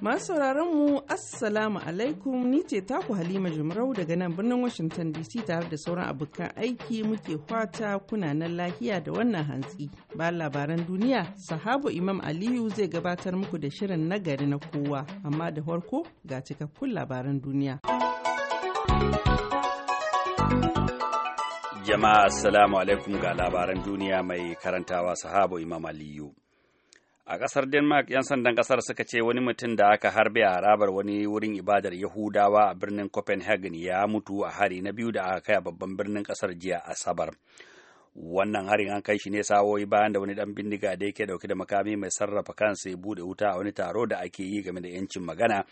Masu mu Assalamu alaikum ni ce taku Halima Jumrau daga nan birnin Washington DC tare da sauran abokan aiki muke fata kuna nan lahiya da wannan hantsi. Ba labaran duniya, sahabu Imam Aliyu zai gabatar muku da shirin nagari na kowa, amma da farko ga cikakkun labaran duniya. Jama'a Assalamu alaikum ga labaran duniya mai karantawa sahabu Imam Aliyu. a ƙasar denmark 'yan sandan ƙasar suka ce wani mutum da aka harbe a harabar wani wurin ibadar yahudawa a birnin copenhagen ya mutu a hari na biyu da aka kai a babban birnin ƙasar jiya asabar wannan harin an kai shi ne sawoyi bayan da wani dan bindiga da yake dauke da makami mai sarrafa kansa ya bude wuta a wani taro da ake yi game da yancin magana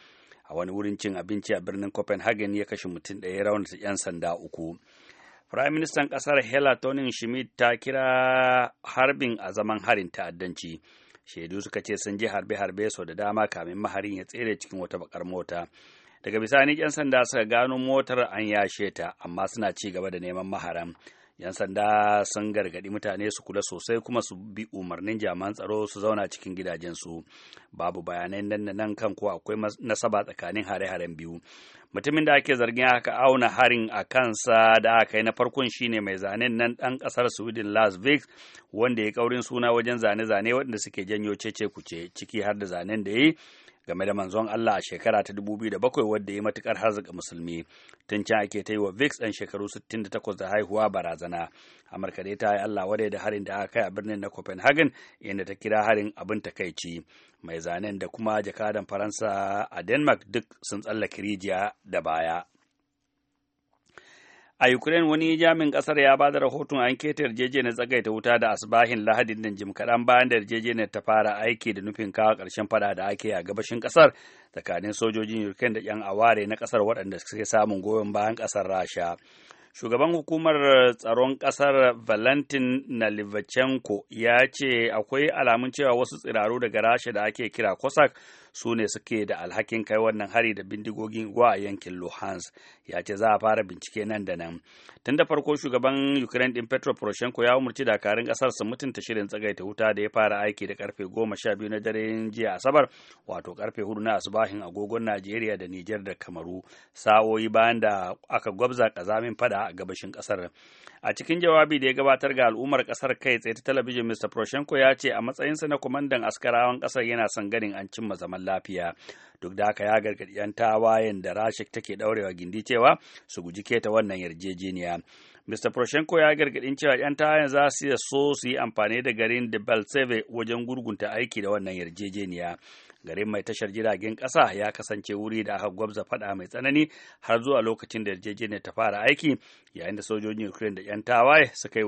a wani wurin cin abinci a birnin copenhagen ya kashe mutum ɗaya raunata 'yan sanda uku Firayim Ministan ƙasar Hela Tonin Schmidt ta kira harbin a zaman harin ta'addanci. shaidu suka ce sun ji harbe-harbe sau da dama kamin maharin ya tsere cikin wata bakar mota daga bisani 'yan sanda suka gano motar an yashe ta amma suna ci gaba da neman maharan 'Yan sanda sun gargaɗi mutane su kula sosai kuma su bi umarnin jami'an tsaro su zauna cikin gidajensu. Babu bayanai nan da nan kan ko akwai nasaba tsakanin hare-haren biyu. Mutumin da ake zargin aka auna harin a kansa da aka yi na farkon shine mai zanen nan ɗan ƙasar Sweden Las Vegas wanda ya kaurin suna wajen zane-zane waɗanda suke janyo cece kuce ciki har da zanen da ya yi game da manzon Allah a shekara ta bakwai wadda ya matukar harzika musulmi tun can ake ta yi wa Vix ɗan shekaru 68 da haihuwa barazana Amurka dai ta yi Allah wadai da harin da aka kai a birnin na Copenhagen inda ta kira harin abin takaici mai zanen da kuma jakadan Faransa a Denmark duk sun tsallake rijiya da baya. A Ukraine wani jami'in ƙasar ya bada rahoton an keta yarjejeniyar tsagaita wuta da asibahin lahadin nan jim kaɗan bayan da yarjejeniyar ta fara aiki da nufin kawo ƙarshen fada da ake a gabashin ƙasar tsakanin sojojin Ukraine da 'yan aware na ƙasar waɗanda suke samun goyon bayan ƙasar Rasha. shugaban hukumar tsaron ƙasar valentin nalivachenko ya ce akwai alamun cewa wasu tsiraru daga rasha da ake kira cossack su ne suke da alhakin kai wannan hari da bindigogin guwa a yankin Luhansk ya ce za a fara bincike nan da nan tun da farko shugaban Ukraine din Petro Poroshenko ya umarci dakarun kasar su mutunta shirin tsagaita wuta da ya fara aiki da karfe goma sha biyu na dare jiya Asabar wato karfe hudu na asubahin agogon Najeriya da Nijar da Kamaru sa'o'i bayan da aka gwabza kazamin fada a gabashin kasar a cikin jawabi da ya gabatar ga al'ummar kasar kai tsaye ta talabijin mr proshenko ya ce a matsayinsa na kwamandan askarawan kasar yana son ganin an cimma zaman lafiya duk da haka ya gargaɗi 'yan tawayen da rashik take ɗaurewa gindi cewa su guji keta wannan yarjejeniya Mr. proshenko ya gargadin cewa 'yan tawayen za su so su yi amfani da garin da Balseve wajen gurgunta aiki da wannan yarjejeniya. garin mai tashar jiragen kasa ya kasance wuri da aka gwabza fada mai tsanani har zuwa lokacin da yarjejeniyar ta fara aiki yayin da sojojin ukraine da 'yan tawaye suka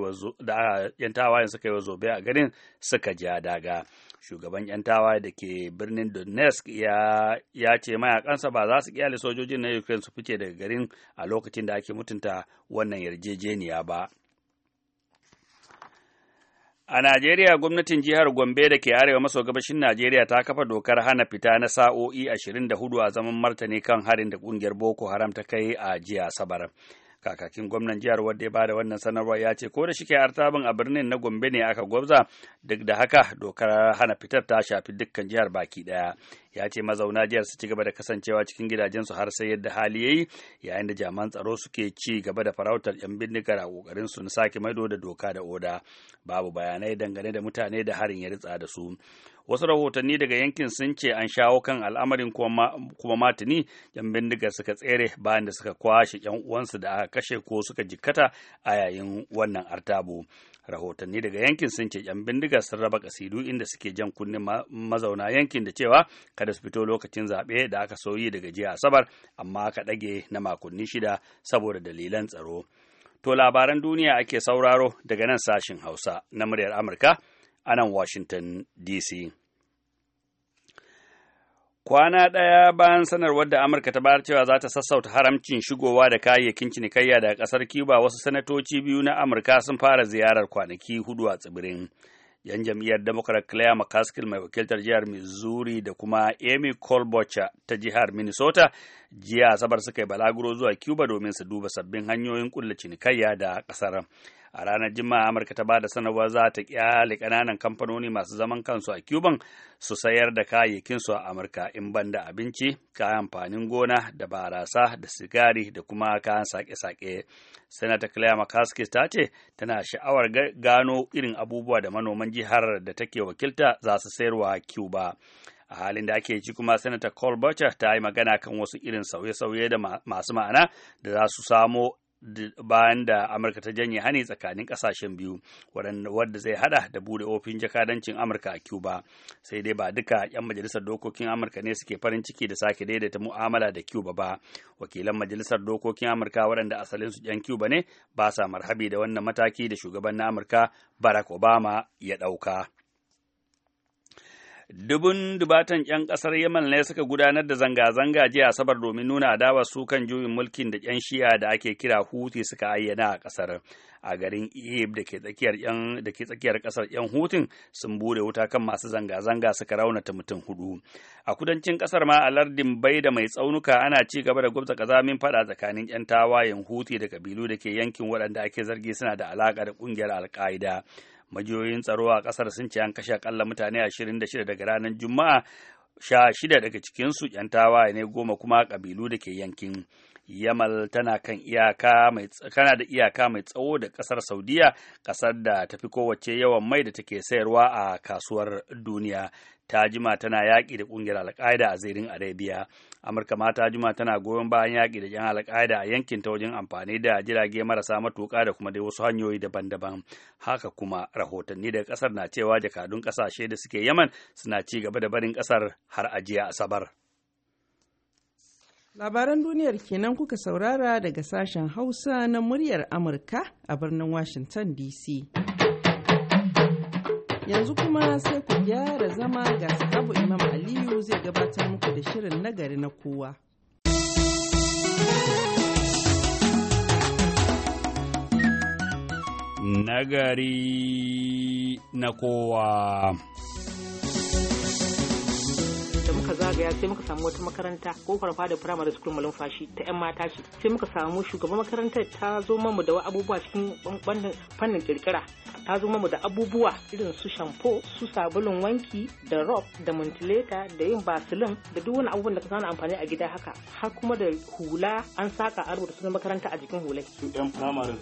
yi wa zobe a garin suka ja daga shugaban 'yan tawaye da ke birnin donetsk ya ce mayakansa ba za su kyale sojojin na ukraine su fice daga garin a lokacin da ake mutunta wannan yarjejeniya ba A Najeriya gwamnatin jihar Gombe da ke arewa maso gabashin Najeriya ta kafa dokar hana fita na sa'o'i ashirin da hudu a zaman martani kan harin da kungiyar Boko Haram ta kai a jiya Asabar. Kakakin gwamnan jihar wadda ya bada wannan sanarwa ya ce ko da shike artabin a birnin na Gombe ne aka gwabza duk da haka dokar hana fitar ta shafi dukkan jihar baki ɗaya. ya ce mazauna jihar su ci gaba da kasancewa cikin gidajensu har sai yadda hali yayi yayin da jaman tsaro suke ci gaba da farautar yan bindigar a kokarin su na sake maido da doka da oda babu bayanai dangane da mutane da harin ya ritsa da su wasu rahotanni daga yankin sun ce an shawo kan al'amarin kuma matini yan bindigar suka tsere bayan da suka kwashe yan uwansu da aka kashe ko suka jikkata a yayin wannan artabo rahotanni daga yankin sun ce yan bindiga sun raba kasidu inda suke jan kunnen mazauna yankin da cewa kada su fito lokacin zaɓe da aka soyi daga jiya asabar amma aka ɗage na makonni shida saboda dalilan tsaro to labaran duniya ake sauraro daga nan sashin hausa na muryar amurka a nan washington dc Kwana ɗaya bayan sanarwar da Amurka ta bayar cewa za ta sassauta haramcin shigowa da kayayyakin cinikayya daga ƙasar Cuba, wasu sanatoci biyu na Amurka sun fara ziyarar kwanaki hudu a tsibirin. Yan jam'iyyar Democrat Claire McCaskill mai wakiltar jihar Missouri da kuma Amy Colbocha ta jihar Minnesota jiya Asabar suka yi balaguro zuwa Cuba domin su duba sabbin hanyoyin kulle cinikayya da ƙasar. a ranar juma'a amurka ta bada sanarwar za ta kyale kananan kamfanoni masu zaman kansu a cuban su sayar da kayayyakin su a amurka in ban da abinci kayan amfanin gona da barasa da sigari da kuma kayan sake-sake Senator claire McCaskey ta ce tana sha'awar gano irin abubuwa da manoman jihar da take wakilta za su sayarwa cuba a halin da ake ci kuma senator Colbert ta yi magana kan wasu irin sauye-sauye da masu ma'ana da za su samo bayan da amurka ta janye hani tsakanin kasashen biyu wadda zai hada da bude ofin jakadancin amurka a cuba sai dai ba duka 'yan majalisar dokokin amurka ne suke farin ciki da sake daidaita mu'amala da cuba ba wakilan majalisar dokokin amurka waɗanda su 'yan cuba ne ba sa marhabi da wannan mataki da shugaban na amurka barack obama ya ɗauka. Dubun dubatan 'yan ƙasar Yemen ne suka gudanar da zanga-zanga jiya Asabar domin nuna adawar su kan juyin mulkin da 'yan shi'a da ake kira Huti suka ayyana a ƙasar. A garin Ib da ke tsakiyar ƙasar 'yan Hutin sun bude wuta kan masu zanga-zanga suka raunata mutum hudu. A kudancin ƙasar ma a lardin da mai tsaunuka ana ci gaba da gwamnati kazamin fada tsakanin 'yan tawayen Huti da kabilu da ke yankin waɗanda ake zargi suna da alaƙa da ƙungiyar Al-Qaida. majiyoyin tsaro a ƙasar sun ce an kashe akalla mutane 26 daga ranar juma'a sha shida daga cikinsu 'yan tawaye ne goma kuma kabilu da ke yankin yamal tana kan iyaka mai kana da iyaka mai tsawo da ƙasar saudiya ƙasar da ta fi kowace yawan mai da take sayarwa a kasuwar duniya ta jima tana yaƙi da ƙungiyar alƙaida a zirin arabiya. amurka mata juma tana goyon bayan yaƙi da yan alƙaida a yankin ta wajen amfani da jirage marasa matuƙa da kuma dai wasu hanyoyi daban-daban haka kuma rahotanni daga ƙasar na cewa jakadun ƙasashe da suke yaman suna ci gaba da barin ƙasar har a jiya asabar labaran duniyar kenan kuka saurara daga sashen hausa na muryar amurka a birnin washington dc Yanzu kuma sai ku gyara zama ga Abu Imam Aliyu zai gabatar muku da shirin nagari na kowa. Nagari na kowa. muka zagaya sai muka samu wata makaranta ko farfa da primary school fashi ta yan mata ce sai muka samu shugaban makarantar ta zo mamu da abubuwa cikin fannin kirkira ta zo mamu da abubuwa irin su shampo su sabulun wanki da rob da muntileta da yin basilin da duk wani abubuwan da ka samu amfani a gida haka har kuma da hula an saka a rubuta sunan makaranta a jikin hulai. Su 'yan primary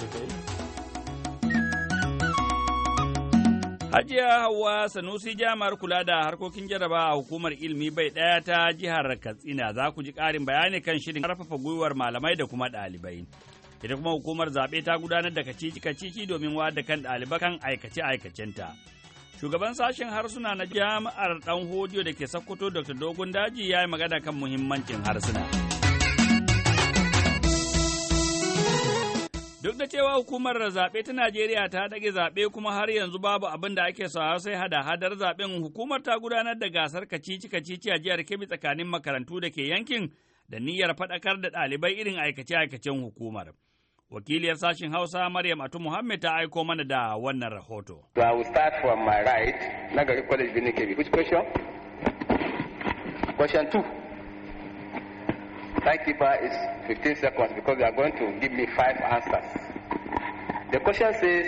Hajiya Hauwa Sanusi jami'ar kula da harkokin jaraba a hukumar ilimi bai ɗaya ta jihar Katsina za ku ji ƙarin bayani kan shirin ƙarfafa gwiwar malamai da kuma ɗalibai. Ita kuma hukumar zaɓe ta gudanar da kacici-kacici domin wada kan ɗalibai kan aikace-aikacenta. Shugaban sashen harsuna na jami'ar ɗan hodiyo da ke Sokoto Dr. Dogon Daji ya yi magana kan muhimmancin harsuna. Duk da cewa hukumar zaɓe ta Najeriya ta ɗage zaɓe kuma har yanzu babu abin da ake sawa sai hada-hadar zaɓen hukumar ta gudanar da gasar kacici-kacici a jihar Kebbi tsakanin makarantu da ke yankin da niyyar faɗakar da ɗalibai irin aikace-aikacen hukumar. Wakiliyar sashen Hausa Maryam Atu Muhammad ta aiko mana da wannan rahoto. question? timekeeper is 15 seconds because they are going to give me five answers. The question says,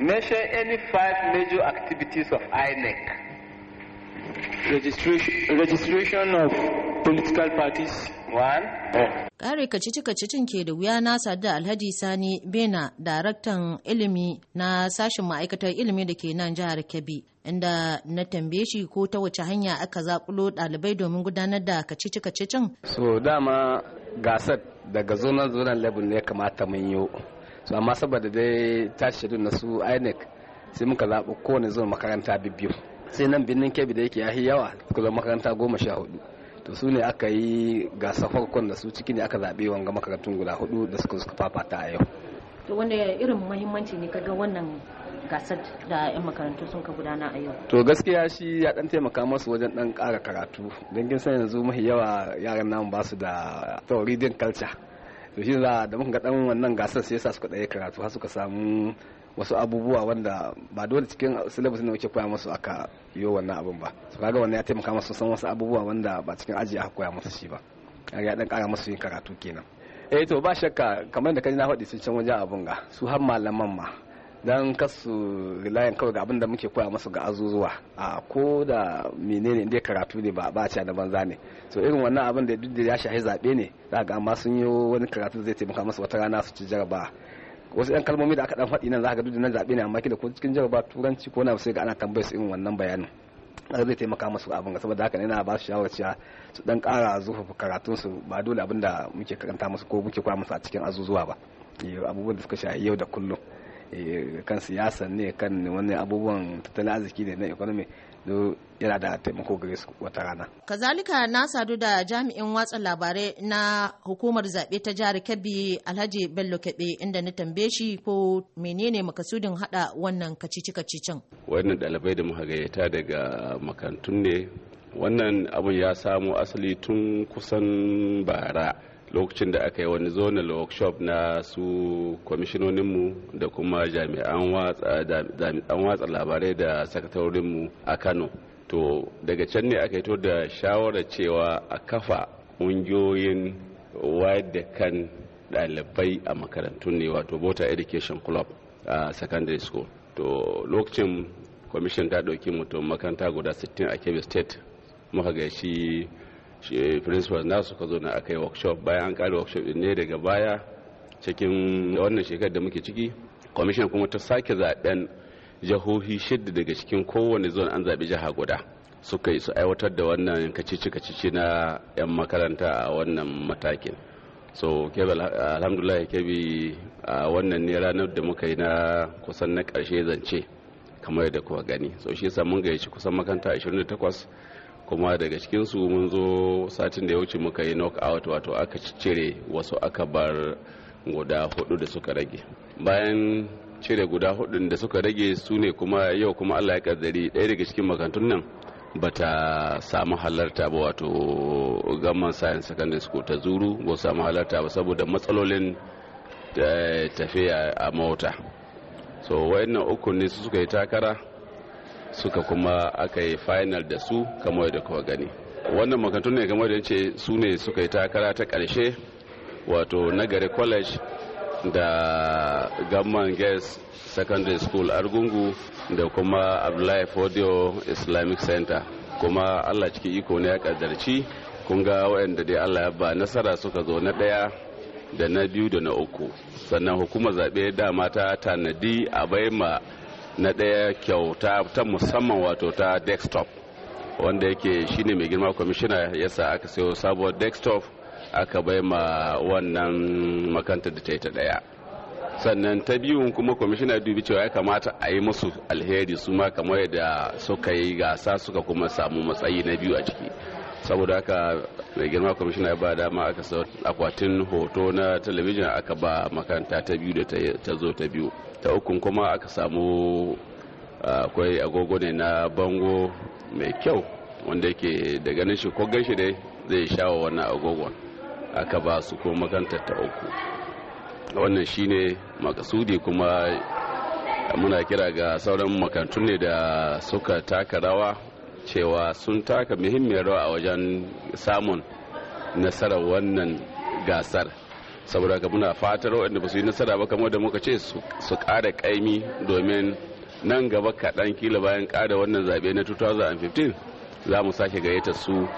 mention any five major activities of INEC. Registration, registration of political parties. Ƙare kacici-kacicin ke da wuya na sadu Alhaji Sani Bena, daraktan ilimi na sashen ma'aikatar ilimi da ke nan jihar Kebbi. inda na tambaye shi ko ta wace hanya aka zakulo ɗalibai domin gudanar da kacici-kacicin. So dama gasar daga zonar zonar level ne kamata mun yi. So amma saboda dai tashi na su INEC sai muka zaɓi kowane zuwa makaranta biyu. Sai nan birnin Kebbi da yake ya yawa kuma makaranta goma sha hudu. to su ne aka yi gasa farkon da su ciki ne aka zaɓe wanga makarantun guda hudu da suka suka fafata a yau to wanda irin mahimmanci ne kaga wannan gasar da 'yan makarantu sun ka gudana a yau to gaskiya shi ya dan taimaka masu wajen dan ƙara karatu don kin san yanzu mahi yawa yaran namu ba su da tauridin culture to shi za da muka ga dan wannan gasar sai yasa suka ɗaya karatu har suka samu wasu abubuwa wanda ba dole cikin syllabus ne wuce koya musu aka yi wannan abun ba su kaga wannan ya taimaka musu san wasu abubuwa wanda ba cikin aji aka koya musu shi ba ya dan kara musu yin karatu kenan eh to ba shakka kamar da kaji na faɗi sun can wajen abun ga su har malaman ma don kasu layin kawai ga abin da muke koya masu ga azuzuwa a ko da menene inda karatu ne ba a da banza ne so irin wannan abin da duk da ya shahi zaɓe ne za ga amma sun yi wani karatu zai taimaka masu wata rana su ci jaraba wasu yan kalmomi da aka dan faɗi nan za ka duk da nan zaɓe ne amma kila ko cikin jaraba turanci ko na sai ga ana tambayar su irin wannan bayanin har zai taimaka masu abin saboda haka yana ba su shawarci cewa su dan kara zufafa karatun su ba dole abin da muke karanta musu ko muke koya musu a cikin azuzuwa ba eh, abubuwan da suka shahi yau da kullum Eh, kan siyasa ne kan wani abubuwan tattalin arziki ne na economy do yana da taimako gare su wata rana. Kazalika na sadu da jami'in watsa labarai na hukumar zaɓe ta jihar Kebbi Alhaji Bello Kebbi inda na tambaye shi ko menene makasudin hada wannan kacici kacicin. Wannan ɗalibai da muka daga makantun ne wannan abun ya samo asali tun kusan bara. lokacin da aka yi wani zonal workshop na su kwamishinoninmu da kuma jami'an watsa labarai da sakatarorinmu a kano to daga can ne aka hito da shawarar cewa a kafa ƙungiyoyin wayar da kan ɗalibai a makarantun ne wato bota education club a secondary school to lokacin kwamishin ta ɗauki mutum makaranta guda 60 a kebbi state muka gaishi. shi eh, principal na suka zo na aka yi workshop bayan an kare workshop ne daga baya cikin wannan shekarar da muke ciki commission kuma ta sake zaben jihohi shidda daga cikin kowane zon an zaɓi jiha guda suka yi su aiwatar da wannan kacici kacici na 'yan makaranta a wannan matakin so kebe alhamdulillah kebe a wannan ne ranar da muka yi na kusan na ƙarshe zance kamar yadda kuwa gani so shi yasa mun gayyaci kusan makaranta 28 kuma daga cikinsu mun zo satin da ya wuce muka yi knockout wato aka cire wasu aka bar guda hudu da suka rage bayan cire guda hudu da suka rage su ne kuma yau kuma allah ya kaddari ɗaya daga cikin makantun nan bata samu halarta ba wato gamman science secondary school ta zuru ba samu halarta ba saboda matsalolin eh, tafiya a mota so wayannan uku ne su suka yi takara suka kuma aka yi final da su kamar da kowa gani wannan makarantu ne kamar da ce su ne suka yi takara ta karshe wato nagari college da gamman girls secondary school argungu da kuma abdullahi fodio islamic center kuma allah ciki iko ne ya kaddarci kun ga waɗanda dai allah ya ba nasara suka zo na ɗaya da na biyu da na uku sannan hukumar zaɓe dama ta tanadi a bai ma na ɗaya kyauta ta musamman wato ta desktop wanda yake shine mai girma kwamishina yasa aka sayo sabuwar desktop aka bai ma wannan makanta da ta yi ta ɗaya sannan ta biyu kuma kwamishina dubi cewa ya kamata a yi musu alheri su ma kamar yadda suka yi gasa suka kuma samu matsayi na biyu a ciki saboda haka mai girma kwamishina ya ba dama aka sau akwatin hoto na talabijin aka ba makaranta ta biyu da ta zo ta biyu ta ukun kuma aka samu akwai agogo ne na bango mai kyau wanda yake da ganin shi ko ganshi dai zai shawo wannan agogon aka ba su ko makaranta ta uku wannan shine makasudi kuma muna kira ga sauran makarantu ne da suka taka rawa cewa sun taka muhimmiyar rawa a wajen samun nasarar wannan gasar saboda ka muna fatar waɗanda ba su yi nasara ba kamar da muka ce su ƙara kaimi domin nan gaba kaɗan kila bayan ƙara wannan zaɓe na 2015 za mu sake gayyata su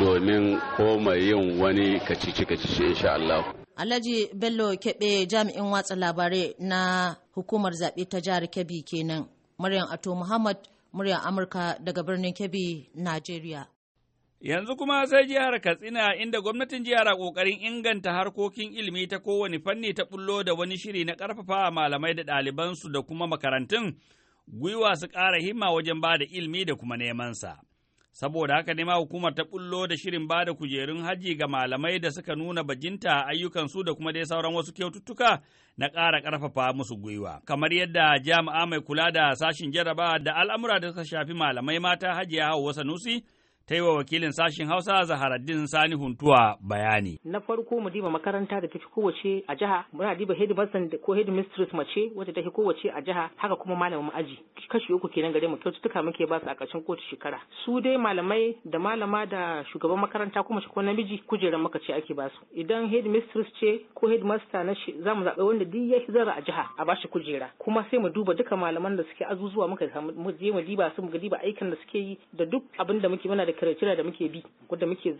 domin koma yin wani kacici-kacici insha Allah. Alhaji Bello Kebe jami'in watsa labarai na hukumar zaɓe ta jihar Kebbi kenan. Maryam Ato Muhammad muryar Amurka daga birnin Kebbi, Najeriya. Yanzu kuma sai jihar Katsina inda gwamnatin jihar a ƙoƙarin inganta harkokin ilimi ta kowane fanni ta bullo da wani shiri na ƙarfafa malamai da ɗalibansu da kuma makarantun gwiwa su ƙara himma wajen ba da ilimi da kuma neman sa. Saboda haka ne ma hukumar ta bullo da shirin ba da kujerun haji ga malamai da suka nuna bajinta a ayyukansu da kuma dai sauran wasu kyaututtuka na ƙara ƙarfafa musu gwiwa. Kamar yadda jami'a mai kula da sashin jaraba da al'amura da suka shafi malamai mata hajiya Hauwa Sanusi ta yi wa wakilin sashen Hausa Zaharaddin Sani Huntuwa bayani. Na farko mu diba makaranta da ta fi kowace a jiha, muna diba headmaster ko headmistress mace wacce fi kowace a jiha, haka kuma malamin aji. Kashi uku kenan gare mu kyaututtuka muke ba su a ƙarshen kowace shekara. Su dai malamai da malama da shugaban makaranta kuma ko namiji kujeran maka ce ake ba su. Idan headmistress ce ko headmaster na shi za mu zaɓi wanda duk ya zara a jiha a ba shi kujera. Kuma sai mu duba duka malaman da suke azuzuwa muka je mu diba su mu diba aikin da suke yi da duk abin da muke muna da literature da muke bi wanda muke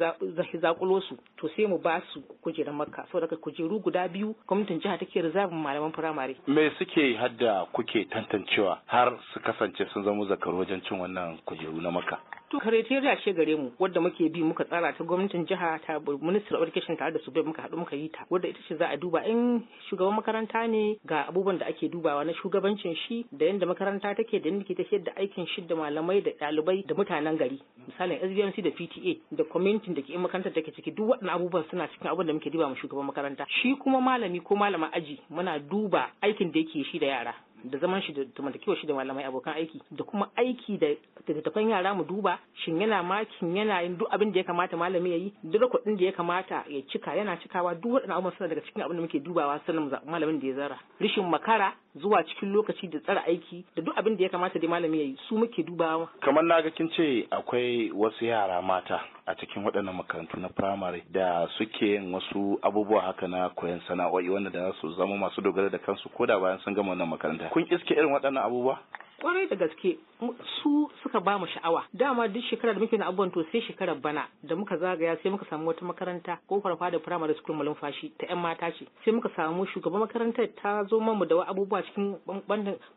zakulo su to sai mu ba su kujerar makka saboda ka kujeru guda biyu gwamnatin jiha take rizabin malaman firamare me suke hadda kuke tantancewa har su kasance sun zama zakaru wajen cin wannan kujeru na makka to criteria ce gare mu wadda muke bi muka tsara ta gwamnatin jiha ta minister of education tare da su bai muka hadu muka yi ta wadda ita ce za a duba in shugaban makaranta ne ga abubuwan da ake dubawa na shugabancin shi da yadda makaranta take da yadda ke tafiyar da aikin shi da malamai da ɗalibai da mutanen gari misalin SBMC da PTA da community da ke in makarantar take ciki duk waɗannan abubuwan suna cikin abin da muke diba mu shugaban makaranta shi kuma malami ko malama aji muna duba aikin da yake shi da yara da zaman shi da tumantakewa shi da malamai abokan aiki da kuma aiki da littattafan yara mu duba shin yana makin yana duk abin da ya kamata malami ya yi duk kuɗin da ya kamata ya cika yana cikawa duk waɗannan abubuwan suna daga cikin abin da muke dubawa sanin malamin da ya zara rishin makara zuwa cikin lokaci da tsara aiki da duk abin da ya kamata dai malami ya yi su muke dubawa kamar na ga kin ce akwai wasu yara mata a cikin waɗannan makarantu na firamare da suke yin wasu abubuwa haka na koyon sana'o'i wanda da su zama masu dogara da kansu ko da bayan sun gama wannan makaranta kun iske irin waɗannan abubuwa kwarai da gaske su suka ba mu sha'awa dama duk shekara da muke na abubuwan to sai shekarar bana da muka zagaya sai muka samu wata makaranta ko farfa da primary school fashi ta yan mata ce sai muka samu shugaban makarantar ta zo mamu da abubuwa cikin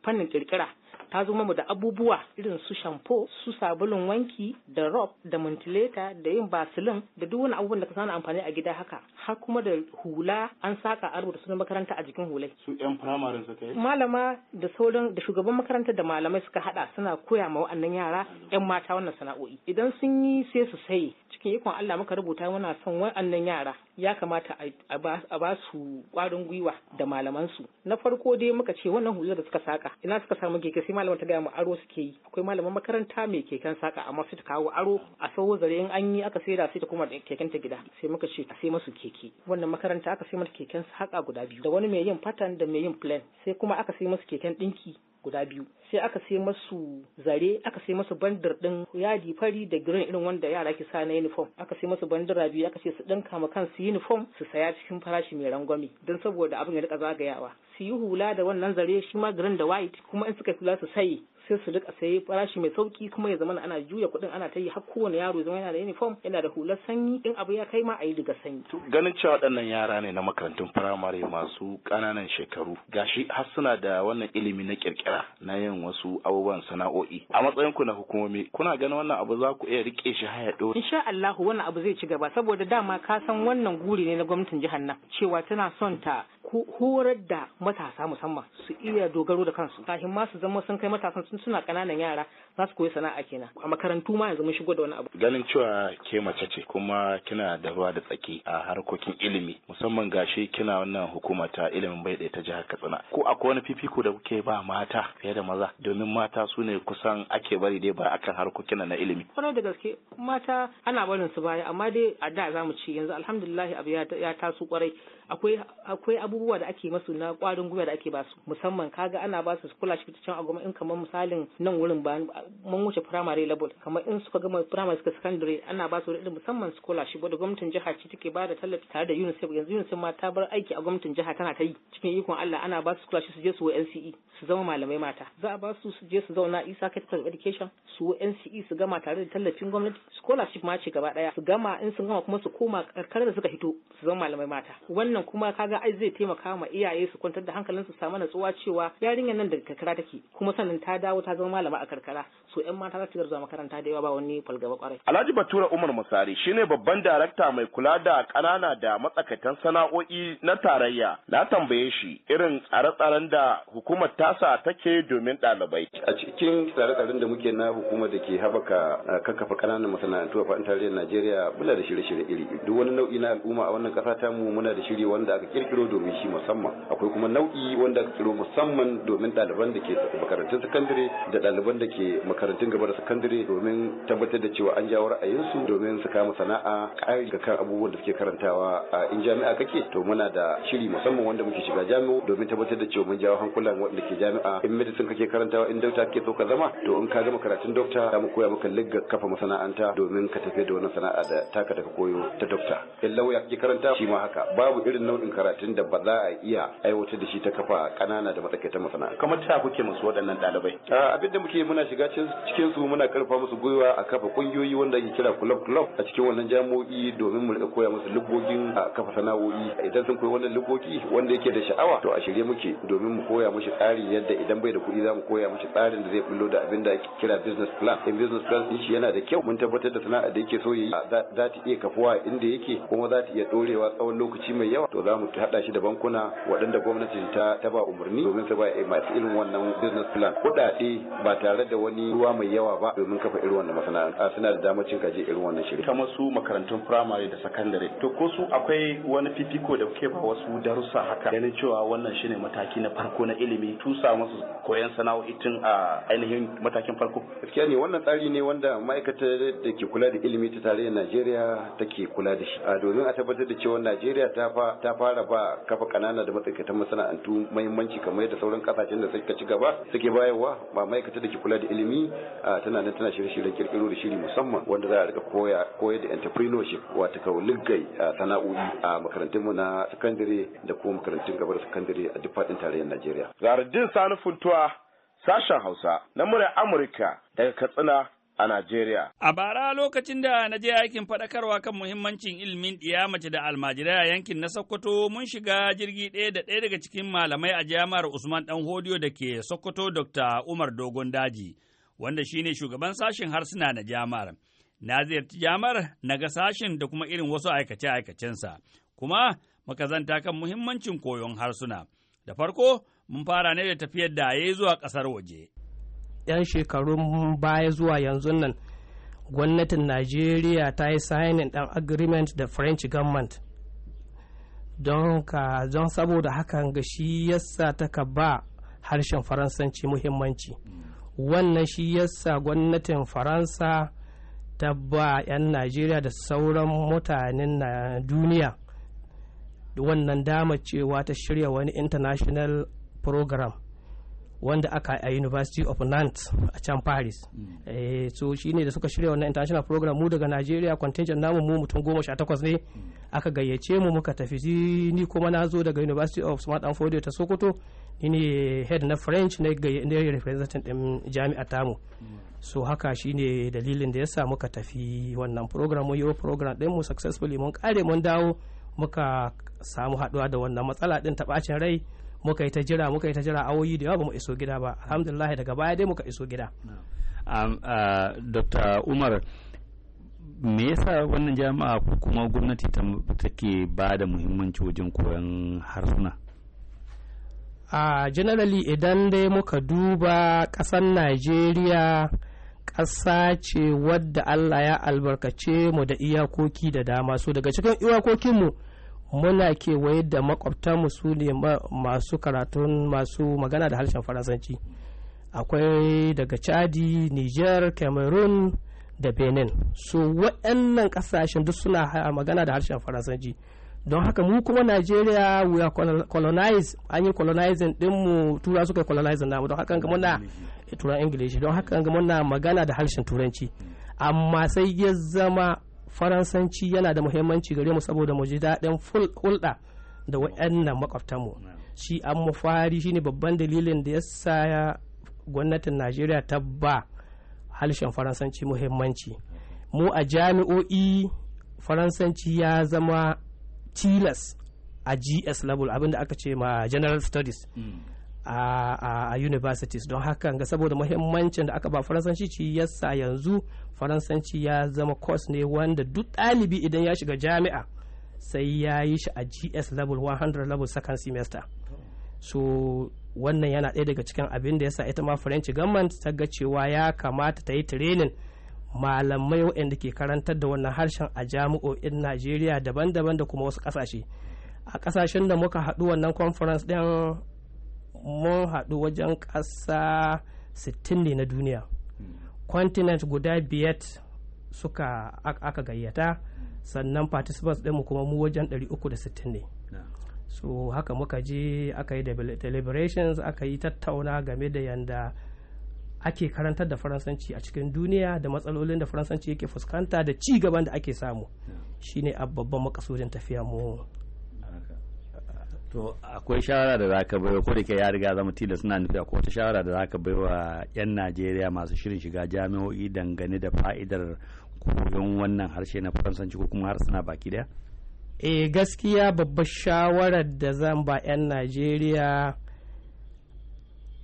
fannin kirkira ta zo mamu da abubuwa irin su shampo su sabulun wanki da rob da muntileta da yin basilin da duk wani abubuwan da ka sani amfani a gida haka har kuma da hula an saka a rubuta sunan makaranta a jikin hulai su yan primary suka yi malama da sauran da shugaban makarantar da malamai suka hada suna koya ma wa'annan yara yan mata wannan sana'o'i idan sun yi sai su sayi cikin ikon Allah muka rubuta muna son wa'annan yara ya kamata a ba su kwarin gwiwa da malaman su na farko dai muka ce wannan hular da suka saka ina suka samu keke sai malaman ta gaya mu aro suke yi akwai malaman makaranta mai keken saka amma sai ta kawo aro a sauwo zare in an yi aka saida sai ta kuma keken ta gida sai muka ce a sai masu keke wannan makaranta aka sai mata keken saka guda biyu da wani mai yin pattern da mai yin plan sai kuma aka sai masu keken dinki guda biyu sai aka sai masu zare aka sai masu bandir din yadi fari da green irin wanda yara ke sa na uniform aka sai masu bandara biyu aka ce su dinka ma kansu uniform su saya cikin farashi mai rangwame don saboda abin ya rika zagayawa su yi hula da wannan zare shi ma green da white kuma in suka kula su sayi sai su rika sayi farashi mai sauki kuma ya zama ana juya kuɗin ana ta yi har kowane yaro zama yana da uniform yana da hular sanyi in abu ya kai ma a yi daga sanyi. ganin cewa waɗannan yara ne na makarantun firamare masu ƙananan shekaru gashi har suna da wannan ilimi na kirkira na yin wasu abubuwan sana'o'i a matsayin ku na hukumomi kuna ganin wannan abu za ku iya rike shi haya ɗori. insha Allah wannan abu zai ci gaba saboda dama ka san wannan guri ne na gwamnatin jihar nan cewa tana son ta horar da matasa musamman su iya dogaro da kansu kafin ma su zama sun kai matasan sun suna ƙananan yara za su koyi sana'a kenan a makarantu ma yanzu mun shigo da wani abu ganin cewa ke mace ce kuma kina da ruwa da tsaki a harkokin ilimi musamman gashi kina wannan hukuma ta ilimin bai ta jihar Katsina ko akwai wani fifiko da kuke ba mata fiye da maza domin mata su ne kusan ake bari dai ba akan harkokin na ilimi kwarai da gaske mata ana barin su baya amma dai a da za mu ci yanzu alhamdullahi abu ya taso kwarai akwai akwai abubuwa da ake masu na kwarin gwiwa da ake basu musamman kaga ana basu scholarship ta can a in kamar misalin nan wurin ba mun wuce primary level kamar in suka gama primary suka secondary ana ba su wani musamman scholarship wadda gwamnatin jiha ce take ba da tallafi tare da UNICEF yanzu UNICEF ma ta bar aiki a gwamnatin jiha tana ta yi cikin ikon Allah ana ba su scholarship su je su NCE su zama malamai mata za a ba su su je su zauna Isa Capital Education su NCE su gama tare da tallafin gwamnati scholarship ma ce gaba daya su gama in sun gama kuma su koma karkar da suka hito? su zama malamai mata wannan kuma kaga ai zai taimaka ma iyaye su kwantar da hankalinsu su samu natsuwa cewa yarinyar nan daga karkara take kuma sannan ta dawo ta zama malama a karkara so yan mata za su garza makaranta da yawa ba wani falgaba kwarai. Alhaji Batura Umar Musari shine babban darakta mai kula da ƙanana da matsakaitan sana'o'i na tarayya. Na tambaye shi irin tsare-tsaren da hukumar tasa take domin ɗalibai. A cikin tsare-tsaren da muke na hukumar da ke haɓaka kakkafa ƙananan masana'antu a faɗin tarayyar Najeriya muna da shirye-shirye iri. Duk wani nau'i na al'umma a wannan ƙasa ta mu muna da shiri wanda aka kirkiro domin shi musamman. Akwai kuma nau'i wanda aka kirkiro musamman domin ɗaliban da ke makarantun sakandare da ɗaliban da ke makarantun gaba da sakandare domin tabbatar da cewa an jawo ra'ayinsu domin su kama sana'a ƙari ga kan abubuwan da suke karantawa a in jami'a kake to muna da shiri musamman wanda muke shiga jami'o domin tabbatar da cewa mun jawo hankulan waɗanda ke jami'a in medicine kake karantawa in dokta kake so ka zama to in ka gama karatun dokta za mu koya maka ligga kafa masana'anta domin ka tafi da wannan sana'a da taka daga koyo ta dokta in lauya kake karanta shi ma haka babu irin nau'in karatun da ba za a iya aiwatar da shi ta kafa ƙanana da matsakaitan masana'a kamar ta kuke musu waɗannan ɗalibai abin da muke muna shiga cikin su muna karfa musu gwiwa a kafa kungiyoyi wanda ake kira club club a cikin wannan jami'o'i domin mu rika koya musu lubbogin a kafa sana'o'i idan sun koyi wannan lubbogi wanda yake da sha'awa to a shirye muke domin mu koya mushi tsarin yadda idan bai da kuɗi za mu koya mushi tsarin da zai bullo da abin da ake kira business plan in business plan shi yana da kyau mun tabbatar da sana'a da yake so yi za ta iya kafuwa inda yake kuma za ta iya dorewa tsawon lokaci mai yawa to za mu haɗa shi da bankuna waɗanda gwamnati ta ba umarni domin su ba masu irin wannan business plan kuɗaɗe ba tare da wani sami ruwa mai yawa ba domin kafa irin wannan a suna da damar cin irin wannan shirin. kamar su makarantun firamare da sakandare to ko su akwai wani fifiko da kuke ba wasu darussa haka ganin cewa wannan shine mataki na farko na ilimi tusa musu koyon sana'o'i tun a ainihin matakin farko gaskiya ne wannan tsari ne wanda ma'aikatar da ke kula da ilimi ta tarayya Najeriya take kula da shi a domin a tabbatar da cewa Najeriya ta fara ba kafa kanana da matsakaitan masana'antu muhimmanci kamar yadda sauran kasashen da suka ci gaba suke bayarwa ba ma'aikatar da ke kula da ilimi zamani tana nan tana shirye-shirye kirkiro da shiri musamman wanda za a rika koya koyar da entrepreneurship wato kawo liggai sana'o'i a makarantunmu na sakandare da kuma makarantun gaba da sakandare a duk faɗin tarayyar Najeriya. Zaradin Sani futuwa sashen Hausa na murya Amurka daga Katsina a Najeriya. A bara lokacin da na je aikin faɗakarwa kan muhimmancin ilimin ɗiya mace da almajirai a yankin na Sokoto mun shiga jirgi ɗaya da ɗaya daga cikin malamai a jami'ar Usman dan Hodiyo da ke Sokoto Dr. Umar Dogon Daji. wanda shine shugaban sashen harsuna na jamar. Na ziyarci jamar na ga sashen da kuma irin wasu aikace-aikacensa, kuma makazanta kan muhimmancin koyon harsuna. Da farko, mun fara ne da tafiyar da ya zuwa ƙasar waje. 'Yan shekarun baya zuwa yanzu nan, gwamnatin Najeriya ta yi signing ɗan agreement da French government. Don ka don saboda hakan ga shi yasa ta ka ba harshen Faransanci muhimmanci. wannan shi yasa gwamnatin faransa ta ba 'yan najeriya da sauran mutanen na duniya wannan dama cewa ta shirya wani international program wanda aka a university of nantes a can paris mm. eh, So shi ne da suka shirya wannan international program mu daga nigeria contingent namu mu mutum goma sha takwas ne mm. aka gayyace mu muka tafi ni kuma na zo daga university of smart and ta sokoto ni ne head na french na representant din jami'a tamu so haka shine dalilin da ya sa muka tafi wannan program mu yi program din mu successfully mun kare mun dawo muka samu haduwa da wannan matsala din ta bacin rai muka yi ta jira muka yi ta jira awoyi da yawa ba mu iso gida ba alhamdulillah daga baya dai muka iso gida um, dr umar me yasa wannan jami'a kuma gwamnati take ba da muhimmanci wajen koyon harsuna a generally idan dai muka duba ƙasar najeriya ƙasa ce wadda allah ya albarkace mu da iyakoki da dama so daga cikin iyakokinmu muna kewaye da makwabtanmu su ne masu karatun masu magana da harshen faransanci akwai daga chadi niger cameroon da benin so waɗannan ƙasashen duk suna magana da harshen faransanci don haka mu kuma Najeriya we are colonized an yi colonizing din mu tura suka colonizing namu don haka muna turan English don haka muna magana da harshen turanci amma sai ya zama faransanci yana da muhimmanci gare mu saboda mu ji daɗin hulɗa da waɗannan makwabtanmu shi an fari shine babban dalilin da ya sa gwamnatin Najeriya ta ba harshen faransanci muhimmanci mu a jami'o'i faransanci ya zama tilas a gs level abinda aka ce ma general studies hmm. a universities don haka ga saboda muhimmancin da aka ba faransanci ci yasa yanzu faransanci ya zama course ne wanda duk ɗalibi idan ya shiga jami'a sai ya yi shi a gs level 100 level second semester so wannan yana ɗaya daga cikin abin da yasa ita ma french government ta ga cewa ya kamata ta yi training malamai waɗanda ke karantar da wannan harshen a jami'o'in najeriya daban-daban da kuma wasu ƙasashe a ƙasashen da muka haɗu wannan conference ɗin mun haɗu wajen ƙasa 60 ne na duniya continent guda biyar suka aka gayyata sannan participants ɗinmu kuma mu wajen 360 ne so haka muka je aka yi deliberations aka yi tattauna game da yanda ake karantar da faransanci a cikin duniya da matsalolin da faransanci yake fuskanta da ci gaban da ake samu shine a babban makasudin tafiya mu to akwai shawara da zaka baiwa ko da ke ya riga zama tilas suna nufi akwai wata shawara da zaka baiwa yan Najeriya masu shirin shiga jami'o'i dangane da fa'idar koyon wannan harshe na faransanci ko kuma harsuna baki daya eh gaskiya babbar shawarar da zan ba yan Najeriya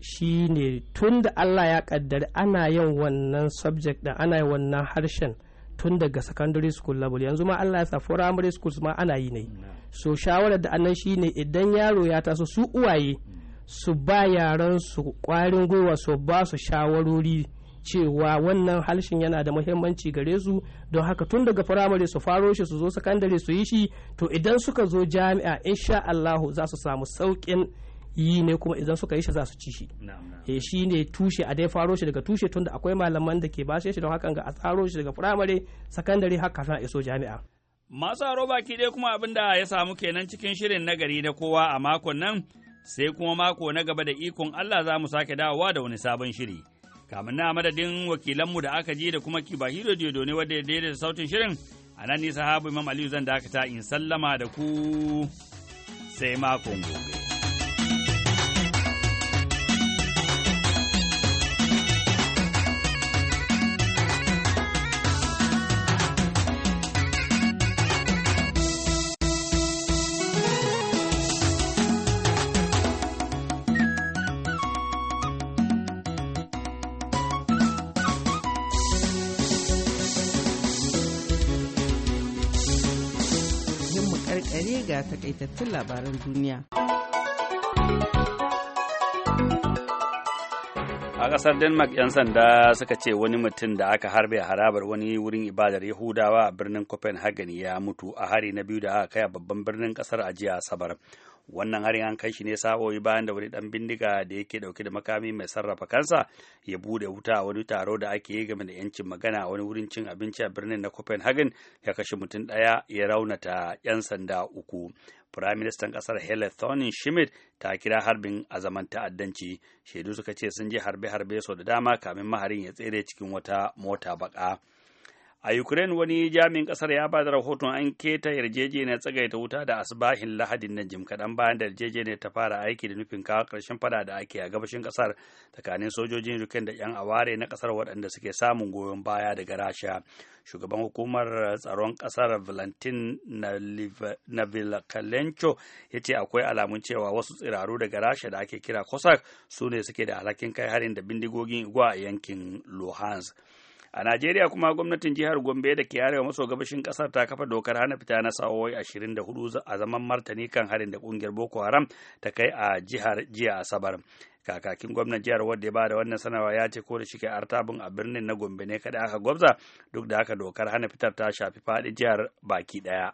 shine tun da Allah ya kaddari ana yin wannan subject da ana yin wannan harshen tun daga secondary school level yanzu ma Allah ya sa primary schools ma ana yi ne so shawarar da annan shine idan yaro ya taso su uwaye su ba yaran su kwarin gwiwa su ba su shawarori cewa wannan harshen yana da muhimmanci gare su don haka tun daga firamare su faro shi su zo sakandare su yi shi to idan suka zo jami'a insha Allahu za su samu sauƙin yi ne kuma idan suka yi shi za su ci shi eh shi ne tushe a dai faro shi daga tushe tunda akwai malaman da ke bashe shi don hakan ga a tsaro shi daga firamare sakandare har kafin a iso jami'a masu aro baki dai kuma abin da ya samu kenan cikin shirin na gari da kowa a makon nan sai kuma mako na gaba da ikon Allah za mu sake dawowa da wani sabon shiri kamin na madadin wakilanmu da aka ji da kuma kibahi diodo ne wadda ya daidaita sautin shirin a nan nisa habu imam aliyu zan dakata in sallama da ku sai makon gobe kare ga takaitattun labaran duniya. a ƙasar denmark 'yan sanda suka ce wani mutum da aka harbe a harabar wani wurin ibadar yahudawa a birnin copenhagen ya mutu a hari na biyu da aka kai a babban birnin ƙasar a jiya asabar wannan harin an kai shi ne sa'o'i bayan da wani dan bindiga da yake dauke da makami mai sarrafa kansa ya bude wuta a wani taro da ake yi game da yancin magana wani wurin cin abinci a birnin na copenhagen ya kashe mutum daya ya raunata yan sanda uku Firaministan kasar Helen Thorning Schmidt ta kira harbin a zaman ta'addanci. Shaidu suka ce sun je harbe-harbe sau da dama kamin maharin ya tsere cikin wata mota baka. A Ukraine wani jami'in kasar ya bada rahoton an keta yarjejeniyar tsagaita wuta da asibahin lahadin nan jim kaɗan bayan da yarjejeniyar ta fara aiki da nufin kawo ƙarshen fada da ake a gabashin ƙasar tsakanin sojojin Ukraine da 'yan aware na kasar waɗanda suke samun goyon baya daga Rasha. Shugaban hukumar tsaron ƙasar Valentin Navilkalenko ya ce akwai alamun cewa wasu tsiraru daga Rasha da ake kira Cossack su ne suke da alhakin kai harin da bindigogin igwa a yankin Luhansk. a najeriya kuma gwamnatin jihar gombe da ke arewa maso gabashin kasar ta kafa dokar hana fita na sa'o'i ashirin da hudu a zaman martani kan harin da kungiyar boko haram ta kai a jihar jiya asabar kakakin gwamnan jihar wadda ya bada wannan sanarwa ya ce ko da shike artabin a birnin na gombe ne kada aka gwabza duk da haka dokar hana fitar ta shafi faɗi jihar baki ɗaya.